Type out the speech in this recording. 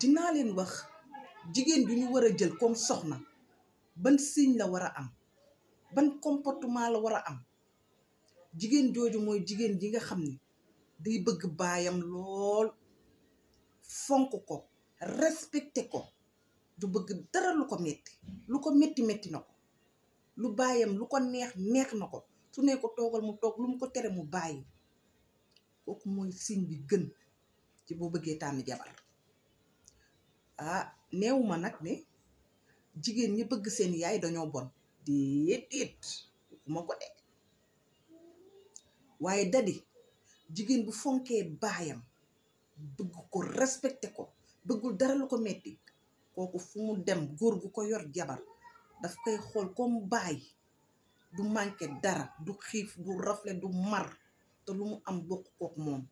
dinaa leen wax jigéen bi ñu war a jël comme soxna ban signe la war a am ban comportement la war a am jigéen jooju mooy jigéen ji nga xam ni day bëgg baayam lool fonk ko respecté ko du bëgg dara lu ko metti lu ko metti metti na ko lu baayam lu ko neex neex na ko su ne ko toogal mu toog lu mu ko tere mu bàyyi kooku mooy signe bi gën ci boo bëggee tànn jabar ah néew ma nag ne jigéen ñi bëgg seen yaay dañoo bon déet déet ma ko de waaye dadi jigéen bu fonkee baayam bëgg ko respecté ko bëggul dara lu ko metti kooku fu mu dem góor gu ko yor jabar daf koy xool comme baay du manqué dara du xiif du rafle du mar te lu mu am bokk kook moom